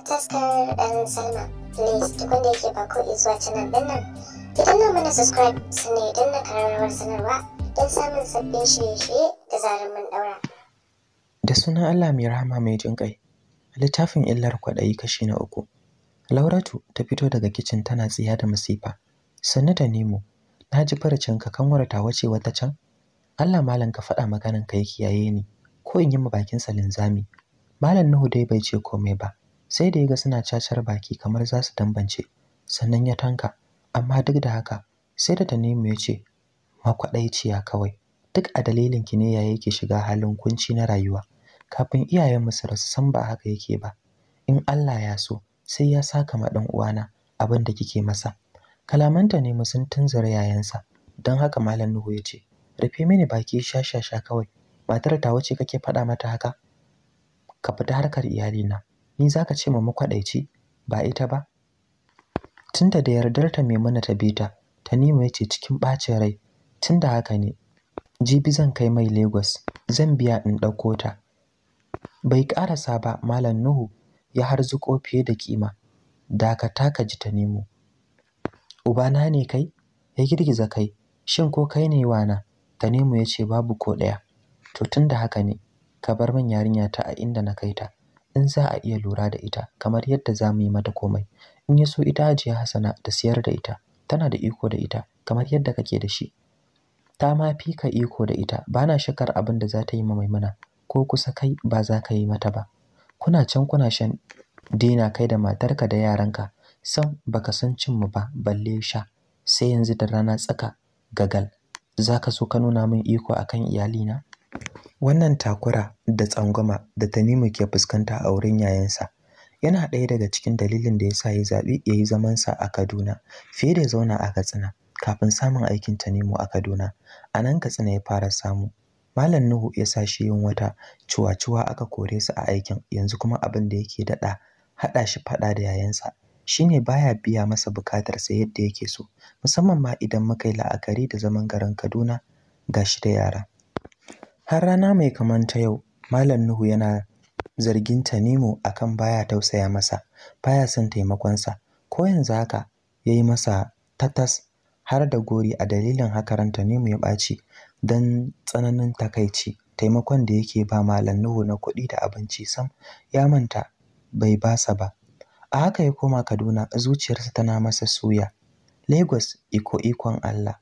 da taskar ɗan salma please duk wanda yake ba ko zuwa canal ɗin nan mana subscribe sannan idan na kararrawar sanarwa don samun sabbin shirye-shirye da zarar mun ɗaura. da sunan allah mai rahama mai jin ƙai littafin illar kwaɗayi kashi na uku lauratu ta fito daga kicin tana tsiya da masifa sannu da nemo na ji farcen ka kanwar ta wace wata can allah malam ka faɗa maganan ka yi kiyaye ni ko in yi ma bakin sa linzami malam nuhu dai bai ce komai ba sai da ya ga suna cacar baki kamar za su dambance sannan ya tanka amma duk da haka sai da Tanimu ya ce makwaɗaiciya kawai duk a dalilin ki ne ya yake shiga halin kunci na rayuwa kafin iyayen su rasu san ba haka yake ba in Allah ya so sai ya saka ma dan uwana abin da kike masa kalamanta ne mu sun tunzura yayansa don haka malam Nuhu ya ce rufe mini baki shashasha kawai matar ta wuce kake faɗa mata haka ka fita harkar iyalina ni za ka ce ma makwaɗaici ba ita ba tunda da yardarta maimuna ta bita ta tanimu ya ce cikin ɓacin rai tunda haka ne jibi zan kai mai lagos zan biya in ɗauko ta bai ƙarasa ba malam nuhu ya zuƙo fiye da kima dakata ka ji ta nemo ubana ne kai ya girgiza kai shin ko kai ne wana ta nemo ya ce babu ko ɗaya to tunda haka ne ka bar min yarinya ta a inda na kai ta in za a iya lura da ita kamar yadda za mu yi mata komai in ya so ita hajiya hasana da siyar da ita tana da iko da ita kamar yadda kake da shi ta ma fi ka iko da ita ba na shakar abin da za ta yi ma maimuna ko kusa kai ba za ka yi mata ba kuna can kuna shan dina kai da matarka da yaranka sam baka san cin mu ba balle sha sai yanzu da rana tsaka gagal Za ka so ka nuna min iko akan iyalina Wannan takura da tsangwama da Tanimu ke fuskanta a wurin yayansa yana ɗaya daga cikin dalilin da ya sa ya zaɓi ya yi zamansa a Kaduna fiye da zauna a Katsina kafin samun aikin Tanimu a Kaduna. A nan Katsina ya fara samu. Malam Nuhu ya sa shi yin wata cuwa-cuwa aka kore su a aikin yanzu kuma abin da yake daɗa haɗa shi faɗa da yayansa shine baya biya masa bukatarsa yadda yake so musamman ma idan muka yi la'akari da zaman garin Kaduna ga shi da yara. Har rana mai kaman ta yau, Malam Nuhu yana zargin Tanimu akan baya tausaya masa, baya son taimakonsa. Ko yanzu haka ya yi masa tatas har da gori a dalilin haka ran Tanimu ya ɓaci don tsananin takaici. Taimakon da yake ba Malam Nuhu na kuɗi da abinci sam ya manta bai basa ba. A haka ya koma Kaduna zuciyarsa tana masa suya. Lagos iko ikon Allah.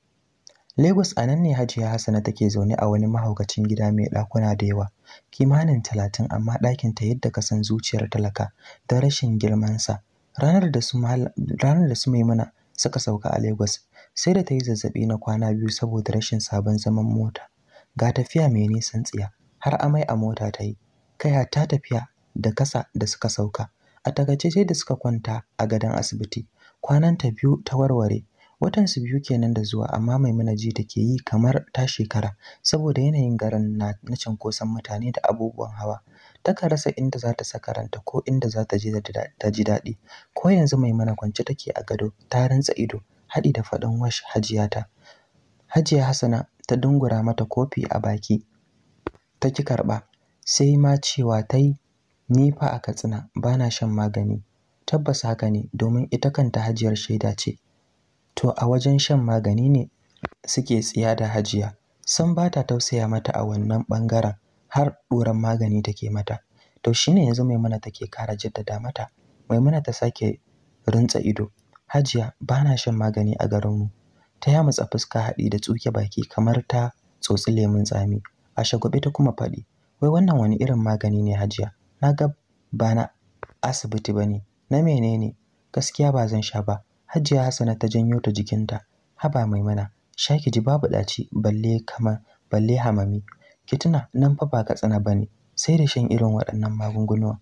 Lagos a nan ne Hajiya Hassana take zaune a wani mahaukacin gida mai ɗakuna da yawa, kimanin talatin amma ɗakin ta yadda ka san zuciyar talaka da rashin girmansa. Ranar da su ranar da su Maimuna suka sauka a Lagos, sai da ta yi zazzaɓi na kwana biyu saboda rashin sabon zaman mota. Ga tafiya mai nisan tsiya, har amai a mota ta yi, kai ta tafiya da kasa da suka sauka. A takaice sai da suka kwanta a gadon asibiti, kwananta biyu ta warware watansu biyu kenan da zuwa amma mai mana ji da ke yi kamar ta shekara saboda yanayin garin na, na cunkoson mutane da abubuwan hawa takan rasa inda za ta saka ranta ko inda za ta ji ta ji daɗi ko yanzu mai maimuna kwance take a gado ta rantsa ido haɗi da faɗin wash hajiya ta hajiya hasana ta dungura mata kofi a baki ta ki karɓa sai ma cewa ta yi ni fa a katsina ba na shan magani tabbas haka ne domin ita kanta hajiyar shaida ce to a wajen shan magani ne suke tsiya da hajiya san ba ta tausaya mata a wannan ɓangaren har ɗoran magani take mata to shi ne yanzu maimuna take kara jaddada mata maimuna ta sake rintsa ido hajiya ba na shan magani a garinmu ta ya matsa fuska haɗi da tsuke baki kamar ta tsotsi lemun tsami a shagwabe ta kuma faɗi wai wannan wani irin magani ne hajiya na ga ba na asibiti ba ne na menene gaskiya ba zan sha ba Hajiya Hassana ta janyo ta jikinta. Haba sha shaki ji babu ɗaci balle kama balle hamami. Kituna nan fa ba katsina bane, sai da shan irin waɗannan magunguna.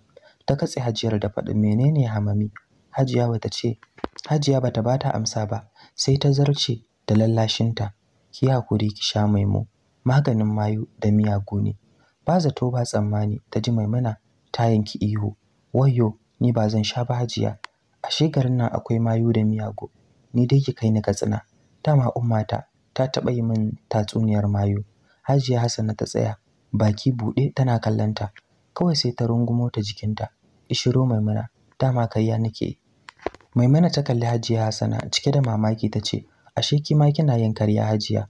Ta katse Hajiyar da faɗin menene hamami? Hajiya bata ce, Hajiya bata bata amsa ba, sai ta zarce da lallashinta. Ki hakuri ki sha maimo, maganin mayu da miyagu ne. Ba zato ba tsammani ta ji mana ta yanki ihu. Wayyo, ni ba zan sha ba Hajiya, ashe garin nan akwai mayu da miyagu ni dai ki kai ni katsina dama ummata ta taɓa yi min tatsuniyar mayu hajiya hassana ta tsaya baki buɗe tana kallonta kawai sai ta rungumo ta jikinta ishiro maimuna dama ya nake maimuna ta kalli hajiya hassana cike da mamaki ta ce ashe kima kina yin karya hajiya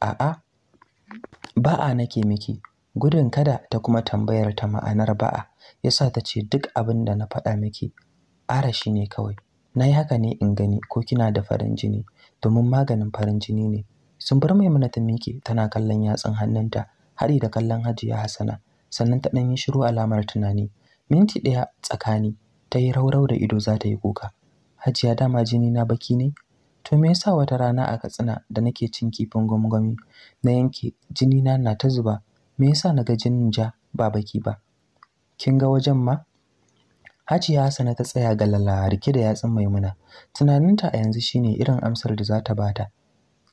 a'a ba'a nake miki gudun kada ta kuma tambayar ta ma'anar ba'a yasa ta ce duk abin da na faɗa miki arashi ne kawai na yi haka ne in gani ko kina da farin jini domin maganin farin jini ne sun bar maimuna ta miƙe tana kallon yatsun hannunta hari da kallon hajiya hassana sannan ta ɗan yi shiru alamar tunani minti ɗaya tsakani ta yi raurau da ido za ta yi kuka hajiya dama jini na baki ne to me yasa wata rana a katsina da nake cin kifin gwamgwami na yanke jini na na ta zuba me yasa ga jinin ja ba baki ba kin ga wajen ma Hajiya Hassana ta tsaya galala rike da yatsun Maimuna. Tunaninta a yanzu shine irin amsar da za ta bata.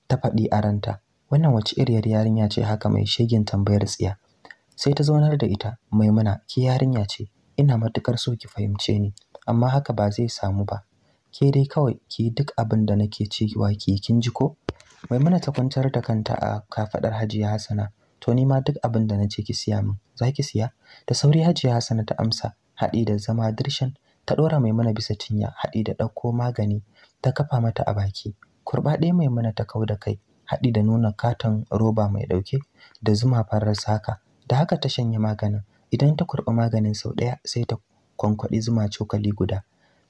Ta faɗi a ranta, wannan wace iriyar yarinya ce haka mai shegin tambayar tsiya. Sai ta zaunar da ita, Maimuna, ki yarinya ce, ina matukar so ki fahimce ni, amma haka ba zai samu ba. Ke dai kawai ki duk abin da nake cewa ki kin ji ko? Maimuna ta kwantar da kanta a kafadar Hajiya Hassana. To ni ma duk abin da nace ki siya min, za ki siya? Da sauri Hajiya Hassana ta amsa, haɗi da zama dirshan ta ɗora mana bisa cinya haɗi da ɗauko magani ta kafa mata a baki kurɓa ɗaya mai mana ta kau da kai haɗi da nuna katon roba mai ɗauke da zuma farar saka da haka ta shanye maganin idan ta kurɓi maganin sau ɗaya sai ta kwankwaɗi zuma cokali guda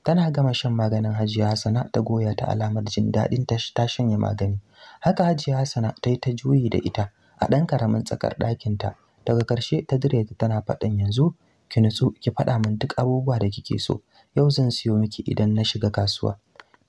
tana gama shan maganin hajiya hassana ta goya ta alamar jin daɗin ta shanye magani haka hajiya hassana ta yi ta juyi da ita a ɗan karamin tsakar ɗakinta daga ƙarshe ta dire tana faɗin yanzu ki nutsu ki faɗa min duk abubuwa da kike so yau zan siyo miki idan na shiga kasuwa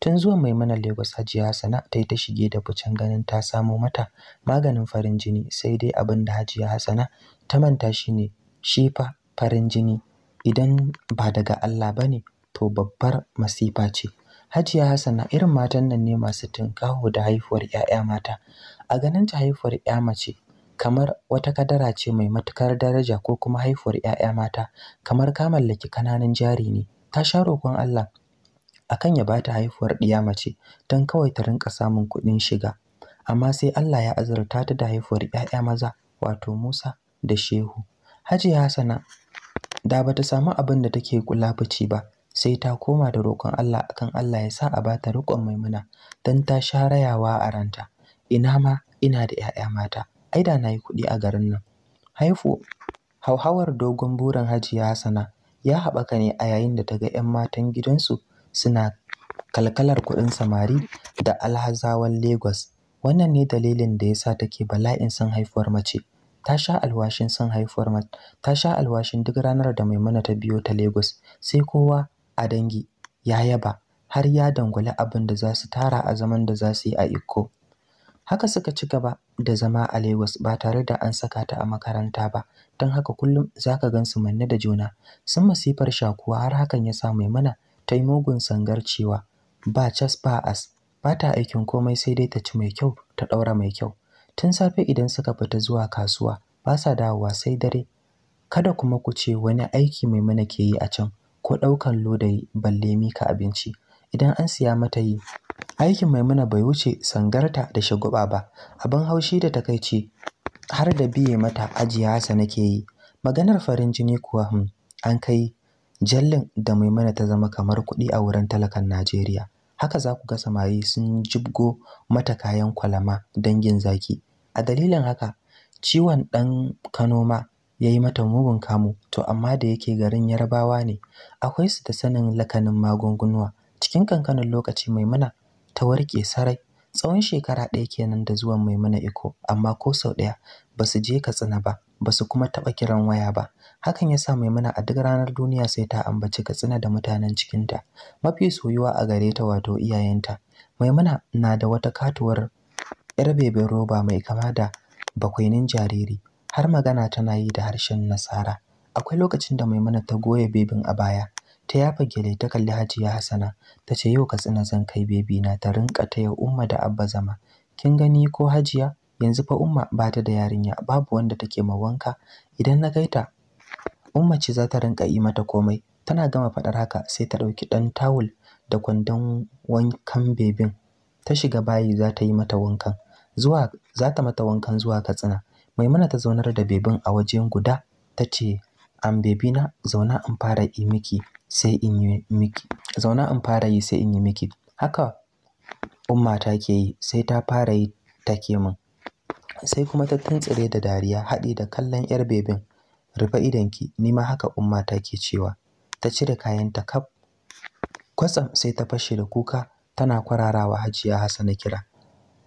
tun zuwa maimuna lagos hajiya hassana ta yi ta shige da bucin ganin ta samo mata maganin farin jini sai dai abin da hajiya hassana ta manta shi ne shi fa farin jini idan ba daga allah ba ne to babbar masifa ce hajiya hassana irin matan nan ne masu tunkaho da haifuwar 'ya'ya mata a ganin ta haifuwar 'ya mace kamar wata kadara ce mai matukar daraja ko kuma haifuwar 'ya'ya mata kamar ka mallaki kananan jari ne ta sha roƙon Allah akan ya bata haifuwar ɗiya mace don kawai ta rinka samun kuɗin shiga amma sai Allah ya azurta ta da haifuwar 'ya'ya maza wato Musa da Shehu Hajiya Hassana da bata samu abin da take kula kulafuci ba sai ta koma da roƙon Allah akan Allah ya sa a bata riƙon maimuna don ta sha rayawa a ranta ina ma ina da 'ya'ya mata ai da na yi kuɗi a garin nan haifo hauhawar dogon burin hajiya hassana ya haɓaka ne a yayin da ta ga 'yan matan gidansu suna kalkalar kuɗin samari da alhazawan Legas. wannan ne dalilin da ya sa take bala'in son haifuwar mace ta sha alwashin son haifuwar ta sha alwashin duk ranar da maimuna ta biyo ta lagos sai kowa a dangi ya yaba har ya dangwali abin da za su tara a zaman da za su yi a iko. Haka suka ci gaba da zama a Lagos ba tare da an saka ta a makaranta ba, don haka kullum za ka gan su manne da juna. Sun masifar shakuwa har hakan ya sa Maimuna ta yi mugun sangar cewa ba cas ba as, ba ta aikin komai sai dai ta ci mai kyau ta ɗaura mai kyau. Tun safe idan suka fita zuwa kasuwa ba sa dawowa sai dare. Kada kuma ku ce wani aiki Maimuna ke yi a can ko ɗaukan lodayi balle mika abinci. Idan an siya mata yi aikin maimuna bai wuce sangarta da shaguba ba abin haushi da takaici har da biye mata ajiya hasa nake yi maganar farin jini kuwa hmm, an kai jallin da maimuna ta zama kamar kuɗi a wurin talakan najeriya haka za ku ga samari sun jibgo mata kayan kwalama dangin zaki a dalilin haka ciwon ɗan kano ma ya yi mata mugun kamu to amma da yake garin yarbawa ne akwai su da sanin lakanin magungunuwa cikin kankanin lokaci maimuna ta warke sarai tsawon shekara ɗaya kenan da zuwan maimuna iko amma ko sau ɗaya ba su je katsina ba ba su kuma taɓa kiran waya ba hakan ya sa maimuna a duk ranar duniya sai ta ambaci katsina da mutanen cikinta mafi soyuwa a gare ta wato iyayenta maimuna na da wata katuwar yar beben roba mai kama da bakwainin jariri har magana tana yi da harshen nasara akwai lokacin da maimuna ta goya bebin a baya ta yafa gele ta kalli hajiya hassana ta ce yau ka tsina zan kai bebi na ta rinka taya umma da abba zama kin gani ko hajiya yanzu fa umma ba ta da yarinya babu wanda take ma wanka idan na gaita umma ce za ta rinka yi mata komai tana gama faɗar haka sai ta ɗauki ɗan tawul da kwandon wankan bebin ta shiga bayi za ta yi mata wankan zuwa za ta mata wankan zuwa katsina maimuna ta zaunar da bebin a wajen guda ta ce an bebi na zauna in fara yi miki sai in yi miki zauna in fara yi sai in yi miki haka umma ta ke yi sai ta fara yi ta ke min sai kuma ta tuntsire da dariya haɗi da kallon yar bebin rufe idonki ni ma haka umma ta ke cewa ta cire kayanta kaf kwatsam sai ta fashe da kuka tana kwararawa hajiya hassana kira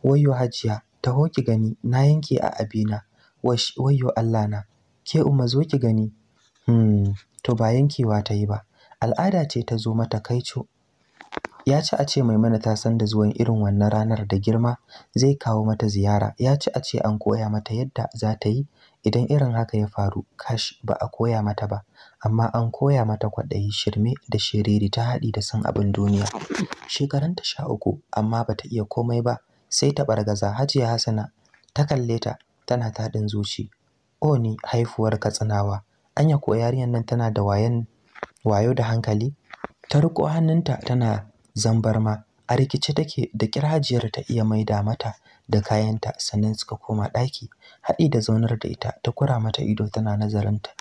wayyo hajiya taho ki gani na yanke a abina wayo allah na ke umma zo ki gani hmm to ba yankewa ta yi ba al'ada ce ta zo mata kaico ya ci a ce maimuna ta san da zuwan irin wannan ranar da girma zai kawo mata ziyara ya ci a ce an koya mata yadda za ta yi idan irin haka ya faru kash ba a koya mata ba amma an koya mata kwaɗayi shirme da shiriri ta haɗi da san abin duniya ta sha uku amma ba ta iya komai ba sai ta ɓargaza hajiya hasana ta kalle ta tana taɗin zuci o ni haifuwar katsinawa anya ko yarinyar nan tana da wayan wayo da hankali ta riko hannunta tana zambarma a rikice take da kirajiyar ta iya maida mata da kayanta sannan suka koma ɗaki haɗi da zaunar da ita ta kura mata ido tana nazarinta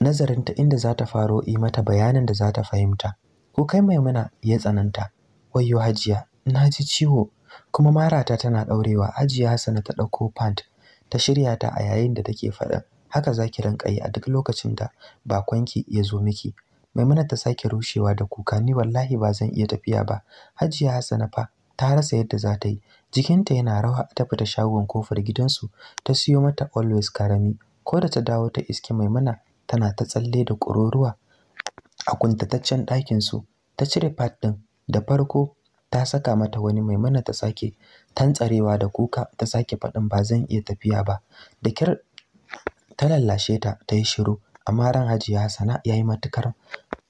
nazarinta inda za ta faro yi mata bayanin da za ta fahimta ko kai maimuna ya tsananta wayo hajiya na ji ciwo kuma marata tana ɗaurewa hajiya hassana ta ɗauko pant ta shirya ta a yayin da take faɗa haka za ki rinƙa yi a duk lokacin da bakonki ya zo miki Maimuna ta sake rushewa da kuka ni wallahi ba zan iya tafiya ba. Hajiya Hassana fa ta rasa yadda za ta yi. Jikinta yana rawa a ta da shagon kofar gidansu ta siyo mata always karami. Ko da ta dawo ta iske Maimuna tana ta tsalle da ƙururuwa a kuntataccen ɗakin su. Ta cire pad ɗin da farko ta saka mata wani mai mana ta sake tantsarewa da kuka ta sake faɗin ba zan iya tafiya ba. Da kyar ta lallashe ta ta yi shiru amma ran Hajiya Hassana ya yi matukar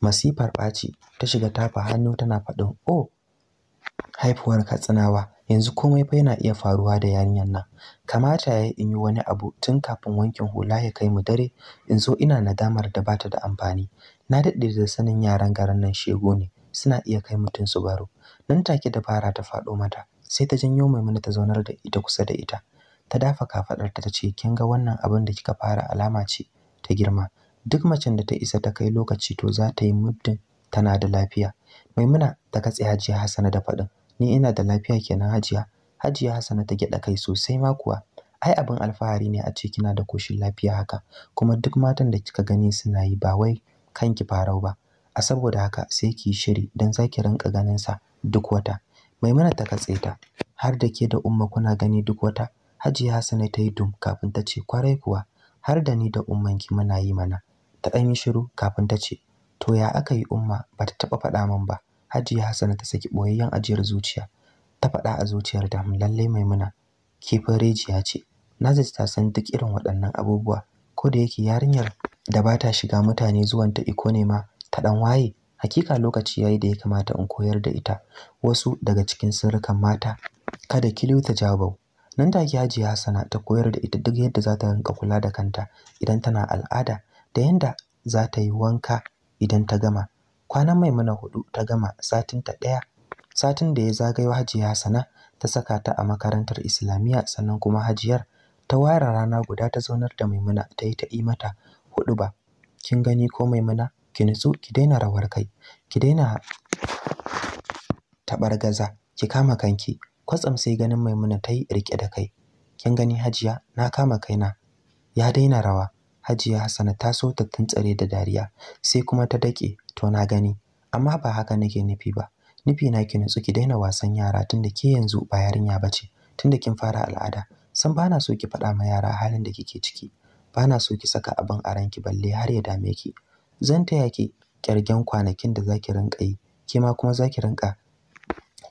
masifar ɓaci ta shiga tafa hannu tana faɗin oh haifuwar katsinawa yanzu komai fa yana iya faruwa da yarinyar nan kamata ya in yi wani abu tun kafin wankin hula ya kai mu dare in zo ina nadamar da bata da amfani na daɗe da sanin yaran garin nan shego ne suna iya kai mutum su baro nan take dabara ta faɗo mata sai ta janyo maimuna ta zaunar da ita kusa da ita ta dafa kafaɗarta ta ce kin ga wannan abin da kika fara alama ce ta girma duk macen da ta isa ta kai lokaci to za ta yi muddin tana da lafiya maimuna ta katse hajiya hasana da faɗin ni ina da lafiya kenan hajiya hajiya hasana ta gyaɗa kai sosai ma kuwa ai abin alfahari ne a ce kina da koshin lafiya haka kuma duk matan da kika gani suna yi ba wai kanki farau ba a saboda haka sai ki yi shiri don za ki rinka ganin sa duk wata maimuna ta katse ta har da ke da umma kuna gani duk wata hajiya hasana ta yi dum kafin ta ce kwarai kuwa har da ni da ummanki muna yi mana ta ɗan yi shiru kafin ta ce to ya aka yi umma ba ta taɓa faɗa min ba hajiya hassana ta saki ɓoyayyen ajiyar zuciya ta faɗa a zuciyar da lallai maimuna kifin rijiya ce nazis ta san duk irin waɗannan abubuwa ko da yake yarinyar da ba ta shiga mutane zuwan ta iko ne ma ta ɗan waye hakika lokaci yayi da ya kamata in koyar da ita wasu daga cikin sirrukan mata kada kiliyu ta jabau nan take hajiya hassana ta koyar da ita duk yadda za ta rinka kula da kanta idan tana al'ada da yanda za ta yi wanka idan ta gama kwanan maimuna hudu ta gama satin ta ɗaya satin da ya zagayo hajiya hassana ta saka ta a makarantar islamiyya sannan kuma hajiyar ta ware rana guda ta zaunar da maimuna ta yi ta yi mata hudu ba kin gani ko maimuna ki nutsu ki daina rawar kai ki daina gaza ki kama kanki kwatsam sai ganin maimuna ta yi riƙe da kai kin gani hajiya na kama kaina ya daina rawa Hajiya Hassana ta so ta tuntsare da dariya sai kuma ta dake to na gani amma ba haka nake nufi ba nufi na ki nutsu ki daina wasan yara tunda ke yanzu ba yarinya bace tunda kin fara al'ada san bana so ki faɗa ma yara halin da kike ciki bana so ki saka abin a ranki balle har ya dame ki zan taya ki ƙyargen kwanakin da zaki rinka yi ke ma kuma zaki rinka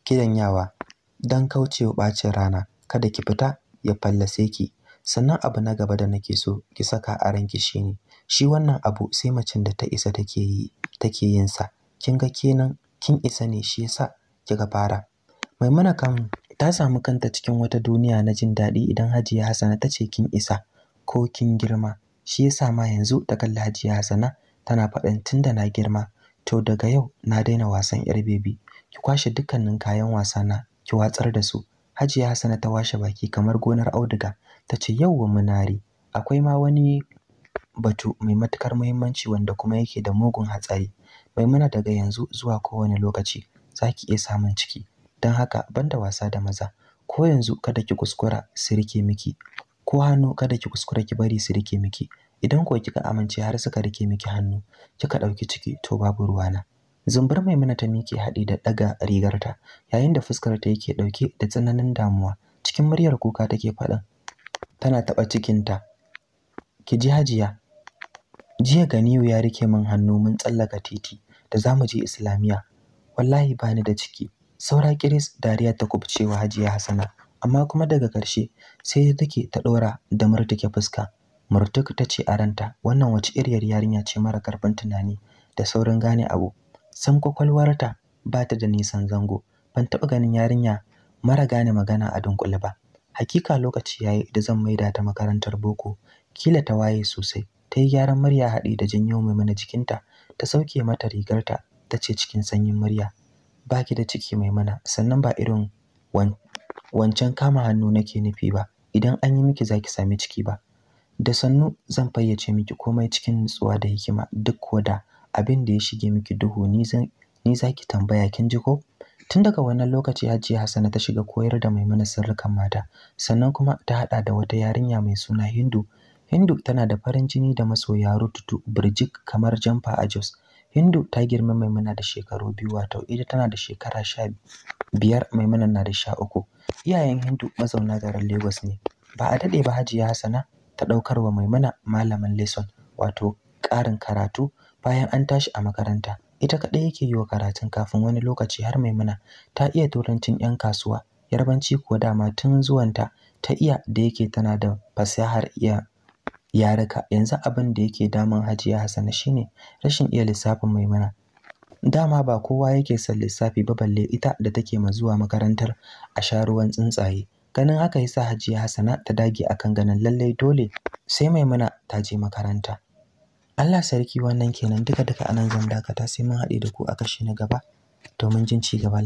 kidan yawa dan kaucewa bacin rana kada ki fita ya fallase ki sannan abu na gaba da nake so ki saka a ranki shine shi wannan abu sai macen da ta isa take yi take yin sa kin ga kenan kin isa ne shi yasa kika fara maimuna kan ta samu kanta cikin wata duniya na jin daɗi idan hajiya hasana ta ce kin isa ko kin girma shi yasa ma yanzu ta kalli hajiya hasana tana faɗin da na girma to daga yau na daina wasan yar bebi ki kwashe dukkanin kayan wasa na ki watsar da su hajiya hasana ta washe baki kamar gonar auduga ta ce yauwa munari akwai ma wani batu mai matukar muhimmanci wanda kuma yake da mugun hatsari maimuna daga yanzu zuwa kowane lokaci za ki iya samun ciki don haka banda wasa da maza ko yanzu kada ki kuskura su rike miki ko hannu kada ki kuskura ki bari su rike miki idan ko kika amince har suka rike miki hannu kika ɗauki ciki to babu ruwana zumbar mana ta miki haɗi da ɗaga rigarta yayin da fuskarta yake ɗauke da tsananin damuwa cikin muryar kuka take faɗin tana taɓa cikinta ki ji hajiya jiya ganiyu ya rike min hannu mun tsallaka titi da za mu je islamiyya wallahi bani da ciki saura kiris dariya ta kubcewa hajiya hasana amma kuma daga ƙarshe sai take ta ɗora da murtuke fuska murtuk ta ce a ranta wannan wace iriyar yarinya ce mara karfin tunani da saurin gane abu sam kwakwalwarta ba ta da nisan zango ban taɓa ganin yarinya mara gane magana a dunkule ba Hakika lokaci ya yi da zan maida ta makarantar boko. Kila ta waye sosai. Ta yi gyaran murya haɗi da janyo mana jikinta. Ta sauke mata rigarta ta ce cikin sanyin murya. Ba ki da ciki mai mana sannan ba irin wancan kama hannu nake nufi ba. Idan an yi miki za ki sami ciki ba. Da sannu zan fayyace miki komai cikin nutsuwa da hikima duk wada da abin da ya shige miki duhu ni za ki tambaya kin ji ko? tun daga wannan lokaci hajiya hassana ta shiga koyar da maimuna sirrukan mata sannan kuma ta haɗa da wata yarinya mai suna hindu hindu tana da farin jini da masoya rututu birjik kamar jamfa a jos hindu ta girma maimuna da shekaru biyu wato ita tana da shekara sha biyar maimuna na da sha uku iyayen hindu mazauna garin lagos ne ba a daɗe ba hajiya hassana ta ɗaukar wa maimuna malamin lesson wato ƙarin karatu bayan an tashi a makaranta ita kaɗai yake yi wa karatun kafin wani lokaci har maimuna ta iya turancin 'yan kasuwa yarbanci kuwa dama tun zuwanta ta iya da yake tana da fasahar iya yarika yanzu abin da yake damun hajiya hasana shine rashin iya lissafin maimuna dama ba kowa yake son lissafi ba balle ita da take ma zuwa makarantar a sha ruwan tsuntsaye ganin haka sa hajiya Hassana ta dage akan ganin lallai dole sai maimuna ta je makaranta Allah sarki wannan kenan duka duka anan zan dakata sai mun haɗe da ku a kashi na gaba domin jin ci gaban